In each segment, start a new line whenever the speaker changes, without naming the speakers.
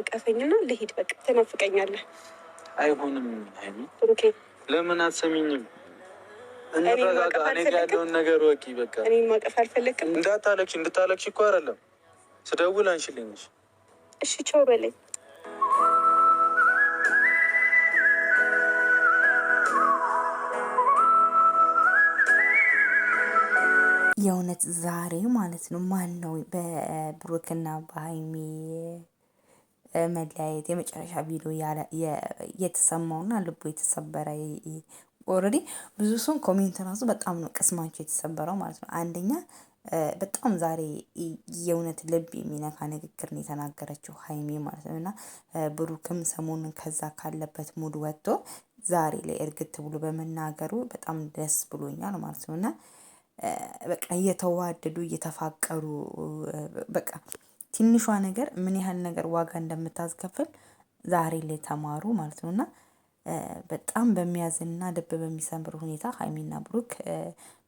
እቀፈኝና ልሂድ። በቃ ትናፍቀኛለህ። አይሆንም። ብሩኬ
ለምን አትሰሚኝም? እንረጋጋ። እኔ ጋ ያለውን ነገር ወቂ። በቃ
እኔ ማቀፍ አልፈለግም።
እንዳታለቅሽ። እንድታለቅሽ እኮ አይደለም። ስደውል አንሽልኝሽ።
እሺ ቸው በለኝ። የእውነት ዛሬ ማለት ነው ማን ነው በብሩክና በሀይሚ መለያየት የመጨረሻ ቪዲዮ የተሰማውና ልቡ የተሰበረ ኦልሬዲ ብዙ ሰውን ኮሜንት ራሱ በጣም ነው ቅስማቸው የተሰበረው ማለት ነው። አንደኛ በጣም ዛሬ የእውነት ልብ የሚነካ ንግግር ነው የተናገረችው ሀይሜ ማለት ነው እና ብሩክም ሰሞኑን ከዛ ካለበት ሙድ ወጥቶ ዛሬ ላይ እርግት ብሎ በመናገሩ በጣም ደስ ብሎኛል ማለት ነው እና በቃ እየተዋደዱ እየተፋቀሩ በቃ ትንሿ ነገር ምን ያህል ነገር ዋጋ እንደምታስከፍል ዛሬ ላይ ተማሩ ማለት ነው። እና በጣም በሚያዝንና ልብ በሚሰብር ሁኔታ ሀይሚና ብሩክ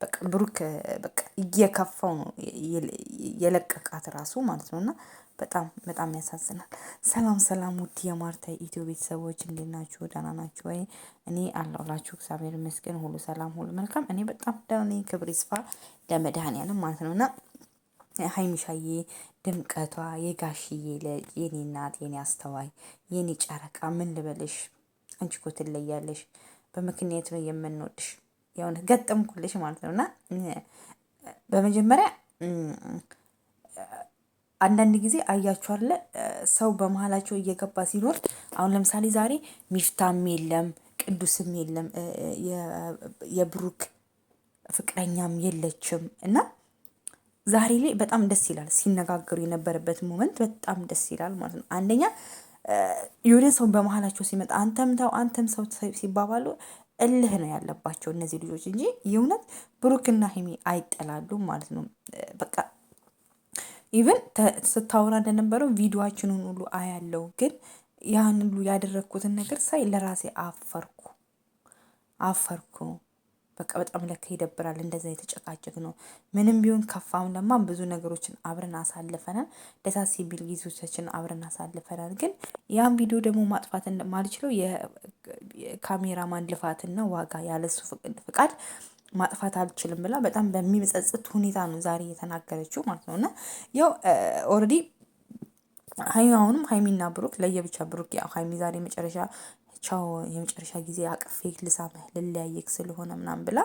በቃ ብሩክ በቃ እየከፋው ነው የለቀቃት ራሱ ማለት ነው። እና በጣም በጣም ያሳዝናል። ሰላም ሰላም፣ ውድ የማርታ ኢትዮ ቤተሰቦች እንዴት ናችሁ? ደህና ናችሁ ወይ? እኔ አለሁላችሁ እግዚአብሔር ይመስገን፣ ሁሉ ሰላም፣ ሁሉ መልካም። እኔ በጣም ደህና ነኝ። ክብር ይስፋ ለመድኃኔዓለም ማለት ነው እና ሀይሚሻዬ ድምቀቷ የጋሽዬ ልጅ የኔ እናት የኔ አስተዋይ የኔ ጨረቃ ምን ልበልሽ፣ አንቺ እኮ ትለያለሽ። በምክንያት ነው የምንወድሽ። የእውነት ገጠምኩልሽ ማለት ነው። እና በመጀመሪያ አንዳንድ ጊዜ አያችሁ ሰው በመሀላቸው እየገባ ሲኖር፣ አሁን ለምሳሌ ዛሬ ሚፍታም የለም ቅዱስም የለም የብሩክ ፍቅረኛም የለችም እና ዛሬ ላይ በጣም ደስ ይላል። ሲነጋገሩ የነበረበት ሞመንት በጣም ደስ ይላል ማለት ነው። አንደኛ የሆነ ሰው በመሀላቸው ሲመጣ አንተም ተው አንተም ሰው ሲባባሉ እልህ ነው ያለባቸው እነዚህ ልጆች እንጂ የእውነት ብሩክና ሄሚ አይጠላሉ ማለት ነው። በቃ ኢቨን ስታወራ እንደነበረው ቪዲዮችንን ሁሉ አያለው፣ ግን ያን ሁሉ ያደረግኩትን ነገር ሳይ ለራሴ አፈርኩ አፈርኩ። በቃ በጣም ለካ ይደብራል። እንደዛ የተጨቃጨቅ ነው ምንም ቢሆን ከፋም ለማ ብዙ ነገሮችን አብረን አሳልፈናል። ደሳ ሲቢል ጊዜዎቻችን አብረን አሳልፈናል። ግን ያን ቪዲዮ ደግሞ ማጥፋት ማልችለው የካሜራማን ልፋትና ዋጋ ያለሱ ፍቃድ ማጥፋት አልችልም ብላ በጣም በሚመጸጽት ሁኔታ ነው ዛሬ የተናገረችው ማለት ነው። እና ያው ኦልሬዲ ሀይሚ አሁንም ሀይሚና ብሩክ ለየብቻ ብሩክ ያው ሀይሚ ዛሬ መጨረሻ ቻው የመጨረሻ ጊዜ አቅፌ ልሳምህ ልለያየክ ስለሆነ ምናምን ብላ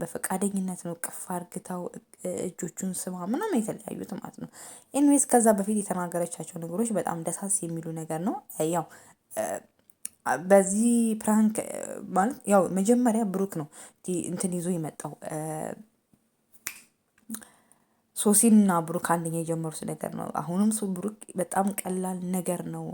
በፈቃደኝነት ነው ቅፍ አርግታው እጆቹን ስማ ምናምን የተለያዩት ማለት ነው። ኤንዌስ ከዛ በፊት የተናገረቻቸው ነገሮች በጣም ደሳስ የሚሉ ነገር ነው። ያው በዚህ ፕራንክ ማለት ያው መጀመሪያ ብሩክ ነው እንትን ይዞ የመጣው ሶሲንና ብሩክ አንደኛ የጀመሩት ነገር ነው። አሁንም ብሩክ በጣም ቀላል ነገር ነው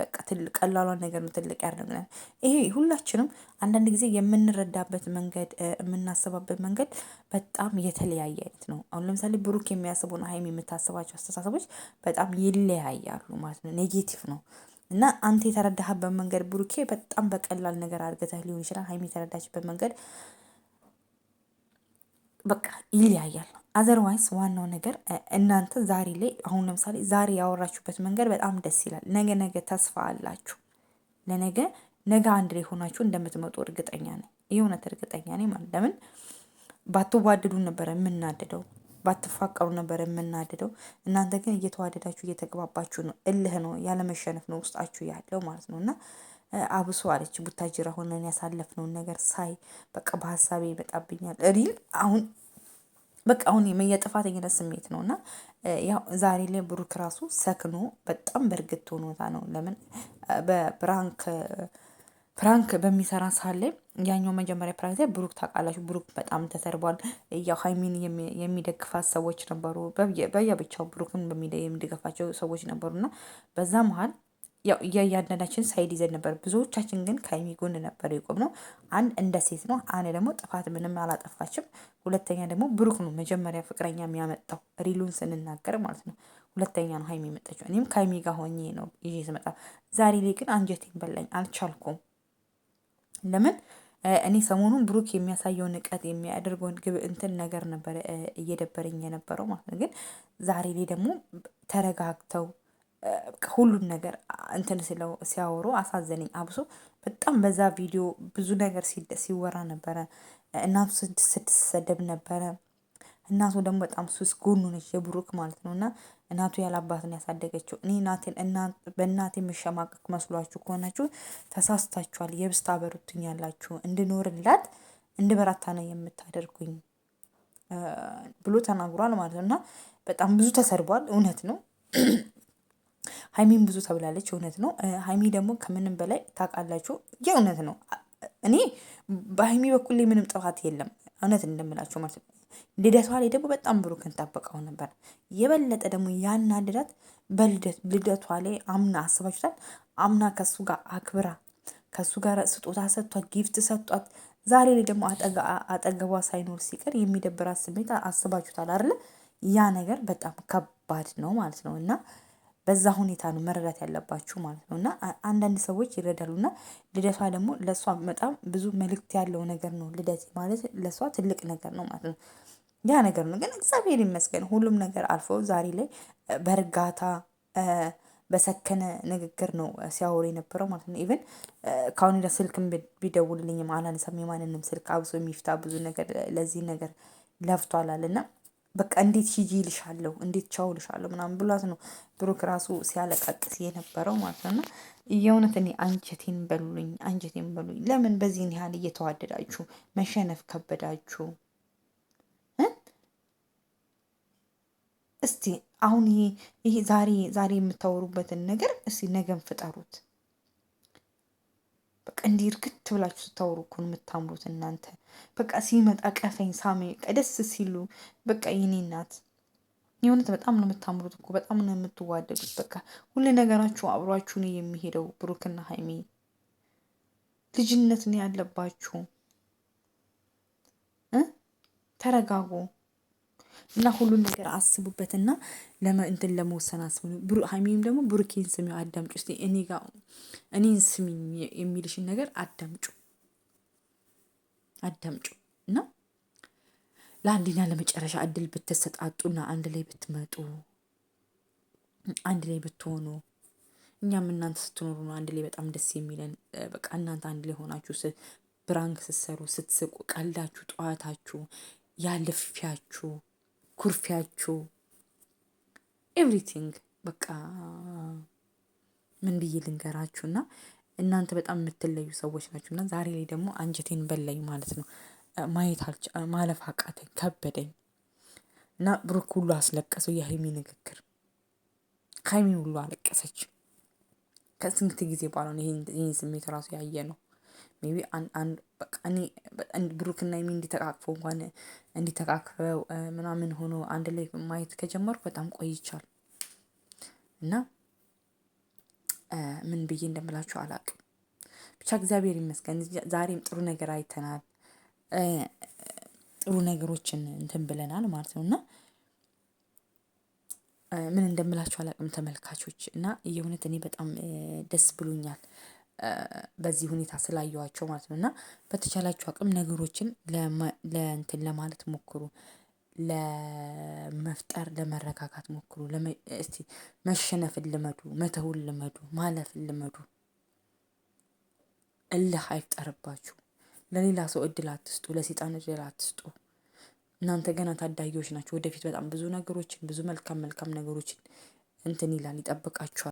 በቃ ትልቅ ቀላሏን ነገር ነው ትልቅ ያደርግልን። ይሄ ሁላችንም አንዳንድ ጊዜ የምንረዳበት መንገድ የምናስባበት መንገድ በጣም የተለያየ አይነት ነው። አሁን ለምሳሌ ብሩክ የሚያስበውን ሀይም የምታስባቸው አስተሳሰቦች በጣም ይለያያሉ ማለት ነው። ኔጌቲቭ ነው እና አንተ የተረዳህበት መንገድ ብሩኬ በጣም በቀላል ነገር አድርገህ ሊሆን ይችላል። ሀይም የተረዳችበት መንገድ በቃ ይለያያል። አዘርዋይስ ዋናው ነገር እናንተ ዛሬ ላይ አሁን ለምሳሌ ዛሬ ያወራችሁበት መንገድ በጣም ደስ ይላል። ነገ ነገ ተስፋ አላችሁ ለነገ ነገ አንድ ላይ ሆናችሁ እንደምትመጡ እርግጠኛ ነኝ። የእውነት እርግጠኛ ነኝ ማለት ለምን ባትዋደዱ ነበረ የምናደደው፣ ባትፋቀሩ ነበረ የምናደደው። እናንተ ግን እየተዋደዳችሁ እየተግባባችሁ ነው። እልህ ነው ያለመሸነፍ ነው ውስጣችሁ ያለው ማለት ነው። እና አብሶ አለች ቡታጅራ ሆነን ያሳለፍነውን ነገር ሳይ በቃ በሀሳቤ ይመጣብኛል ሪል አሁን በቃ አሁን የጥፋተኝነት ስሜት ነው እና ያው ዛሬ ላይ ብሩክ ራሱ ሰክኖ በጣም በእርግጥ ሆኖታ ነው። ለምን በፕራንክ ፕራንክ በሚሰራ ሰዓት ላይ ያኛው መጀመሪያ ፕራንክ ላይ ብሩክ ታውቃላችሁ፣ ብሩክ በጣም ተሰርቧል። ያው ሀይሚን የሚደግፋት ሰዎች ነበሩ፣ በየብቻው ብሩክን የሚደግፋቸው ሰዎች ነበሩ እና በዛ መሀል ያው እያንዳንዳችን ሳይድ ይዘን ነበር። ብዙዎቻችን ግን ከሀይሚ ጎን ነበር የቆም ነው። አንድ እንደ ሴት ነው። አንድ ደግሞ ጥፋት ምንም አላጠፋችም። ሁለተኛ ደግሞ ብሩክ ነው መጀመሪያ ፍቅረኛ የሚያመጣው ሪሉን ስንናገር ማለት ነው። ሁለተኛ ነው ሀይሚ የመጣችው። እኔም ከሀይሚ ጋር ሆኜ ነው ይዤ ስመጣ። ዛሬ ላይ ግን አንጀቴን በላኝ፣ አልቻልኩም። ለምን እኔ ሰሞኑን ብሩክ የሚያሳየውን ንቀት የሚያደርገውን ግብ እንትን ነገር ነበረ እየደበረኝ የነበረው ማለት ነው። ግን ዛሬ ላይ ደግሞ ተረጋግተው ሁሉን ነገር እንትን ሲያወሩ አሳዘነኝ። አብሶ በጣም በዛ ቪዲዮ ብዙ ነገር ሲወራ ነበረ። እናቱ ስትሰደብ ነበረ። እናቱ ደግሞ በጣም ሱስ ጎኑ ነች የብሩክ ማለት ነው። እና እናቱ ያላባትን ያሳደገችው እኔ በእናቴ የምሸማቀቅ መስሏችሁ ከሆናችሁ ተሳስታችኋል። የብስታ በሩትኝ ያላችሁ እንድኖርላት እንድበራታ ነው የምታደርጉኝ ብሎ ተናግሯል ማለት ነው። እና በጣም ብዙ ተሰድቧል። እውነት ነው። ሀይሚን ብዙ ተብላለች፣ እውነት ነው። ሀይሚ ደግሞ ከምንም በላይ ታውቃላችሁ፣ የእውነት ነው። እኔ በሀይሚ በኩል ላይ ምንም ጥፋት የለም፣ እውነት እንደምላችሁ ማለት ነው። ልደቷ ላይ ደግሞ በጣም ብሩክን ጠብቀው ነበር። የበለጠ ደግሞ ያናደዳት በልደቷ ላይ አምና አስባችሁታል። አምና ከሱ ጋር አክብራ ከሱ ጋር ስጦታ ሰጥቷት ጊፍት ሰጧት። ዛሬ ላይ ደግሞ አጠገቧ ሳይኖር ሲቀር የሚደብራት ስሜት አስባችሁታል አይደለ? ያ ነገር በጣም ከባድ ነው ማለት ነው እና በዛ ሁኔታ ነው መረዳት ያለባችሁ ማለት ነው። እና አንዳንድ ሰዎች ይረዳሉ እና ልደቷ ደግሞ ለእሷ በጣም ብዙ መልእክት ያለው ነገር ነው። ልደት ማለት ለእሷ ትልቅ ነገር ነው ማለት ነው። ያ ነገር ነው። ግን እግዚአብሔር ይመስገን ሁሉም ነገር አልፎ ዛሬ ላይ በእርጋታ በሰከነ ንግግር ነው ሲያወሩ የነበረው ማለት ነው። ኢቨን ከአሁን ዳ ስልክም ቢደውልልኝም አላነሳም። የማንንም ስልክ አብሶ የሚፍታ ብዙ ነገር ለዚህ ነገር ለፍቷላል እና በቃ እንዴት ሂጂ ይልሻለሁ፣ እንዴት ቻው ልሻለሁ ምናምን ብሏት ነው ብሩክ ራሱ ሲያለቃቅስ የነበረው ማለት ነው። እና የእውነት እኔ አንጀቴን በሉኝ፣ አንጀቴን በሉኝ። ለምን በዚህን ያህል እየተዋደዳችሁ መሸነፍ ከበዳችሁ? እስቲ አሁን ይሄ ዛሬ ዛሬ የምታወሩበትን ነገር እስቲ ነገን ፍጠሩት። በቃ እንዲህ እርግት ብላችሁ ስታወሩ እኮ ነው የምታምሩት እናንተ። በቃ ሲመጣ ቀፈኝ ሳሜ በቃ ደስ ሲሉ በቃ የኔ እናት የእውነት በጣም ነው የምታምሩት እኮ በጣም ነው የምትዋደዱት። በቃ ሁሉ ነገራችሁ አብሯችሁ ነው የሚሄደው። ብሩክና ሀይሚ ልጅነት ነው ያለባችሁ። ተረጋጉ። እና ሁሉን ነገር አስቡበት እና እንትን ለመወሰን አስቡ። ሀይሚም ደግሞ ብሩኬን ስሚ አዳምጩ ስ እኔ ጋ እኔን ስሚ የሚልሽን ነገር አዳምጩ አዳምጩ እና ለአንዴና ለመጨረሻ እድል ብትሰጣጡና አንድ ላይ ብትመጡ አንድ ላይ ብትሆኑ እኛም እናንተ ስትኖሩ ነው አንድ ላይ በጣም ደስ የሚለን። በቃ እናንተ አንድ ላይ ሆናችሁ ብራንክ ስትሰሩ፣ ስትስቁ፣ ቀልዳችሁ፣ ጠዋታችሁ ያለፊያችሁ ኩርፊያችሁ ኤቭሪቲንግ በቃ ምን ብዬ ልንገራችሁ እና እናንተ በጣም የምትለዩ ሰዎች ናችሁ። እና ዛሬ ላይ ደግሞ አንጀቴን በላኝ ማለት ነው። ማየት ማለፍ አቃተኝ፣ ከበደኝ እና ብሩክ ሁሉ አስለቀሰው። የሀይሚ ንግግር ከሀይሚ ሁሉ አለቀሰች። ከስንት ጊዜ በኋላ ይህን ስሜት ራሱ ያየ ነው ሜይ ቢ በቃ እኔ ብሩክና ሀይሚ እንዲተቃቅፎ እንኳን እንዲተቃቅፈው ምናምን ሆኖ አንድ ላይ ማየት ከጀመርኩ በጣም ቆይቻል እና ምን ብዬ እንደምላችሁ አላቅም። ብቻ እግዚአብሔር ይመስገን ዛሬም ጥሩ ነገር አይተናል፣ ጥሩ ነገሮችን እንትን ብለናል ማለት ነው እና ምን እንደምላችሁ አላቅም ተመልካቾች እና የእውነት እኔ በጣም ደስ ብሎኛል። በዚህ ሁኔታ ስላየዋቸው ማለት ነው። እና በተቻላችሁ አቅም ነገሮችን ለእንትን ለማለት ሞክሩ፣ ለመፍጠር ለመረጋጋት ሞክሩ። እስቲ መሸነፍን ልመዱ፣ መተውን ልመዱ፣ ማለፍን ልመዱ። እልህ አይፍጠርባችሁ። ለሌላ ሰው እድል አትስጡ፣ ለሴጣን እድል አትስጡ። እናንተ ገና ታዳጊዎች ናቸው። ወደፊት በጣም ብዙ ነገሮችን ብዙ መልካም መልካም ነገሮችን እንትን ይላል ይጠብቃችኋል።